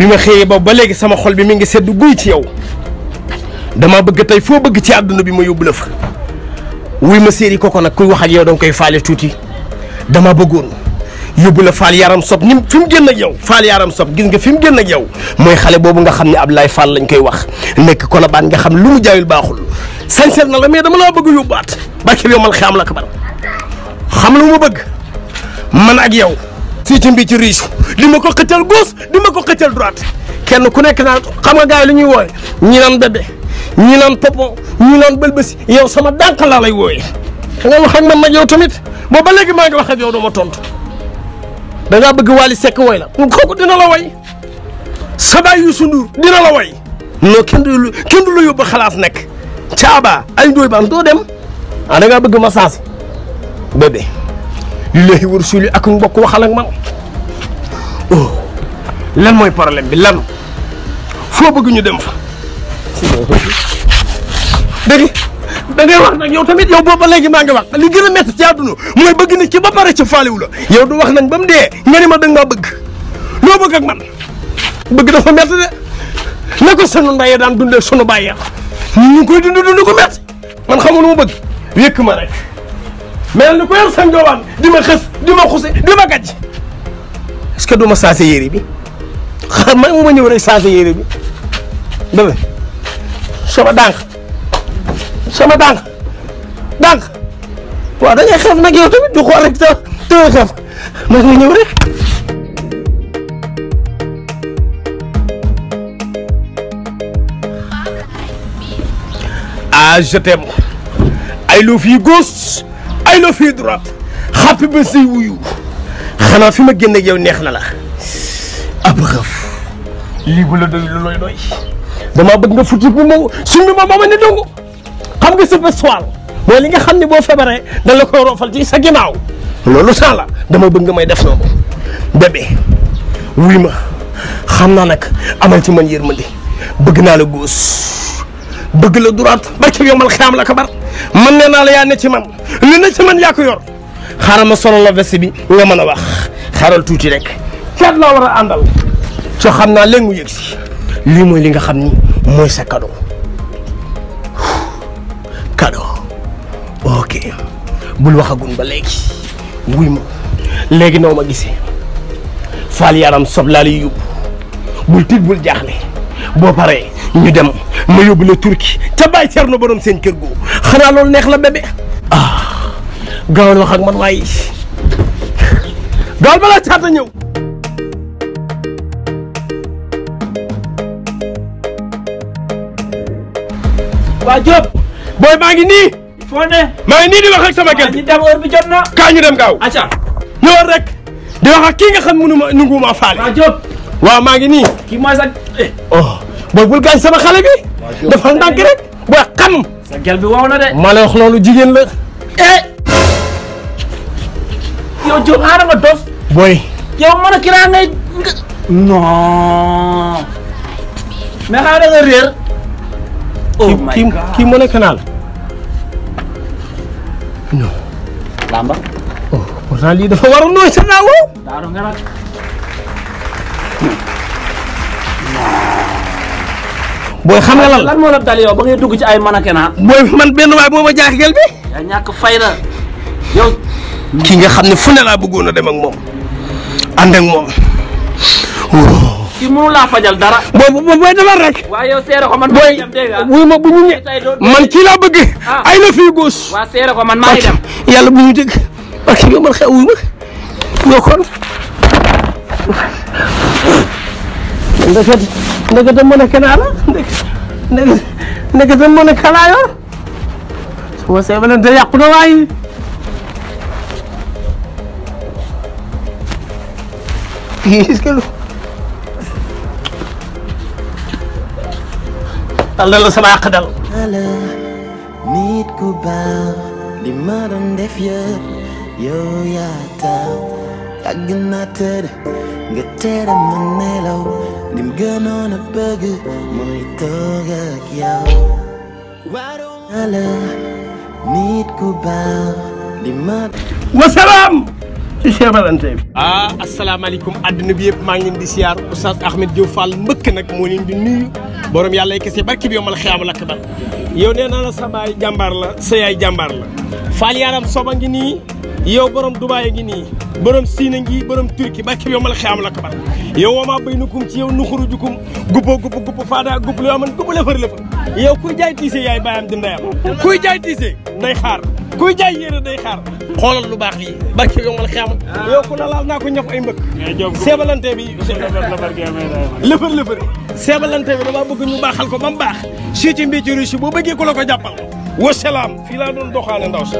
bi ma xëyee boobu ba léegi sama xol bi mi ngi sedd guy ci yow dama bëgg tey foo bëgg ci àdduna bi ma yóbbu la fa wuy ma séeri koko nag kuy wax ak yow danga koy faale tuuti dama bëggoon yóbbu la faal yaram sob ni fi mu génn ak yow faal yaram sob gis nga fi mu génn ak yow mooy xale boobu nga xam ne Abdoulaye Fall lañ koy wax nekk Colobane nga xam lu mu jaayul baaxul sañseet na la mais dama laa bëgg yóbbuwaat barke bi yow man am la ko bar xam lu ma bëgg man ak yow Sidy Mbi ci riche di ma ko xëccal gauche di ma ko xëccal droite kenn ku nekk naat xam nga gars yi lu ñuy woy ñi naan bébé ñi naan popon ñi naan bëlbësi yow sama dànq laa lay wooye da nga wax ak man nag tamit boo ba léegi maa ngi wax ak yow doo ma tontu da ngaa bëgg Wally sekk woy la kooku dina la way sabaay Youssou Ndour dina la way non kenn du kenn du la yóbbu xalaas nekk caaba ay ndooy baan doo dem ah da ngaa bëgg ma saas bébé lillahi wa rasuli ak mbokk waxal ak man oh, lan mooy problème bi lan foo bëgg ñu dem fa. dégg da wax nag yow tamit yow booba léegi maa ngi wax li gën a métti ci àdduna mooy bëgg nit ci ba pare ci faalewu la yow du wax nañ ba mu dee nga ni ma danga maa bëgg loo bëgg ak man bëgg dafa métti de na ko sunu ndayee daan dundee sunu bàyyi ñu ngi koy dund dund ko métti man xamul ma bëgg yëkk ma rek. mel ni ko yor sa di ma xës di ma xuse di ma gàcc est-ce que du ma saase yére bi xaar mu ma ñëw rek saase yére bi bébé sama dànk sama dànk dànk waaw da ngay xef nag yow tamit du xool te te xef man nga ñëw rek ah je t'aime I love you ay na xanaa fi ma génn ak neex na la bu bëgg nga futur bi moom suñ bi ma li nga xam ne boo feebaree da la sa ginnaaw loolu saa dama bëgg nga may def noonu bébé wuy ma xam naa nag amal ci man yërmande bëgg naa la góos bëgg la duraat ba ca yombal xiyaam la kabar man nee naa la yaa ne ci man ne ci man yaa ko xaaral ma solo a veste bi nga mën a wax xaaral tuuti rek kenn laa war a àndal soo xam naa léegi mu yëg si lii mooy li nga xam ni mooy sa cadeau cadeau ok bul waxagun ba léegi wuy ma léegi noo ma gisee faal yaram sob laa lay yóbbu bul tiit bul jaaxle boo paree ñu dem ma yóbbu la turki ca bàyyi Cerno borom seen kër goo xanaa loolu neex la bébé ah gaawal wax ak man waaye gaawal balaa caata ñëw waa Diop booy maa ngi nii foo ne maa ngi nii di wax ak sama gel bi dem heure bi jot na kaa ñu dem gaaw aca ñëwal rek di wax ak kii nga xam mënu ma nunguuma faale waa Diop waaw maa ngi nii kii mooy sa eh. oh booy bul gaañ sama xale bi. dafa ndànk booy xam. sa gel bi wow la wax loolu jigéen la. Eh. yow nga dof. booy. yow mën a kiraa ngay. nga réer. kii oh kii kanaal. non. lamba. oh lii dafa waroon nooy sa naawoo. daanu nga nag. booy xam nga la dal yow dugg ci ay mannequinat. booy man benn waay boo ma jaaxal bi. yaa nga xam ne fu ne laa bëggoon a dem ak moom ànd ak moom. laa fajal dara. booy booy defar rek. man. booy wuy bu ñu ñe man kii laa bëgg. Ah. ay na fii góos. yàlla bu ñu dégg parce que man xew wuy ma ndekete mu ne kenaa la ndekete ndekete mu ne kanaa yor sama sëy ba leen te yàqu na waaye est-ce que dal na la sama àq dal nit ku baax li ma doon def yëpp yow yaa tax yàgg naa tëdd nga tere ma nelaw lim a bëgg mooy toog ak yow ala ci Cheikh Valentin bi ah asalaamaaleykum adduna bi yëpp maa ngi leen di siyaar oustaz Ahmed Diop mbëkk nag moo leen di borom yàlla yi kese barki bi yomal xiyaamu lakk bal yow nee naa la sa baay la sa yaay jàmbaar la Fall yaaram soba yow borom Dubaay ngi nii borom Siina ngi borom Turki ba kii yow ma la xiyam la kabar yow wama bay nukum ci yow nuxuru jukum gubbo gubbo gubbo faada gubbo la man gubbo lëfër lëfër yow kuy jaay tiise yaay baayam di ndeyam kuy jaay tiise day xaar kuy jaay yére day xaar xoolal lu baax lii barke yow ma la xiyam yow ku la naa ko ñaf ay mbëkk seebalante bi lëfër lëfër seebalante bi dama bëgg ñu baaxal ko ba mu baax si ci mbii ci russe boo bëggee ku la ko jàppal fii laa doon doxaane ndaw si